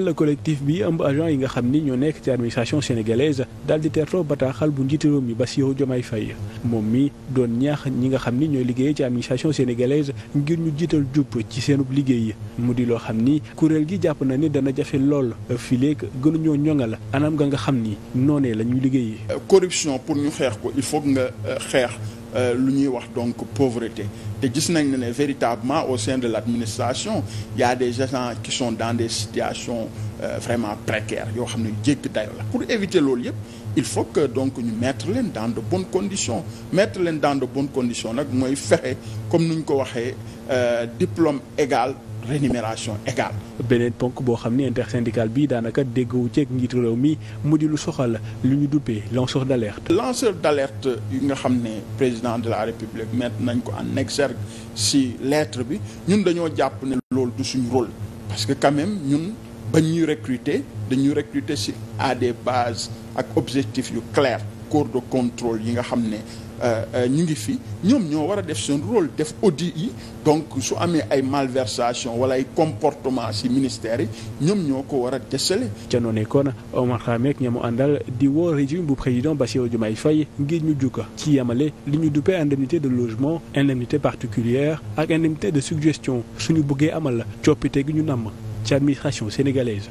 le collectif bi ëmb agent yi nga xam ni ñoo nekk ci administration sénégalaise daal di teertoo bataaxal bu njiitu réew mi Bassirou Diomaye fay moom mii doon ñaax ñi nga xam ni ñooy liggéey ci administration sénégalaise ngir ñu jiital jub ci seenub liggéey mu di loo xam ni kuréel gi jàpp na ni dana jafe lool fii léegi gënuñoo ñoŋal anam ga nga xam ni noonee la ñuy liggéey. corruption pour ñu xeex ko il faut nga xeex euh, lu ñuy wax donc pauvreté. te gis nañ ne véritablement au sein de l'administration il y a des gens qui sont dans des situations euh, vraiment précaires yoo xam ne jéggi dayo la pour éviter loolu yëpp il faut que donc ñu mettre leen dans de bonnes conditions mettre leen dans de bonnes conditions nag mooy fexe comme nu ñu ko waxee euh, diplôme égal rémunération égale. beneen ponk boo xam ne intersyndical bi daanaka déggowu ceeg njiitu réew mi mu di lu soxal lu ñu duppee lanceur d' alerte. lanceur d' alerte yi nga xam ne président de la république mettre nañ ko en exergue si lettre bi ñun dañoo jàpp ne lool du suñ rôle. parce que quand même ñun bañ ñuy recruter dañuy recruter si à des bases ak objectifs yu clair corps de contrôle yi nga xam ne. Euh, euh, ñu ngi fi ñoom ñoo war a def seen rôle def audit yi donc su amee ay malversation wala ay comportement ci ministère yi ñoom ñoo ko war a déceler. ca noonee kon Omar Xame ak ña mu àndal di woor régime bu président Bassirou ay fay ngir ñu jukka ci yamale li ñu duppee indemnité de logement indemnité particulière ak indemnité de suggestion suñu bëggee amal coppite gi ñu namm ci administration sénégalaise.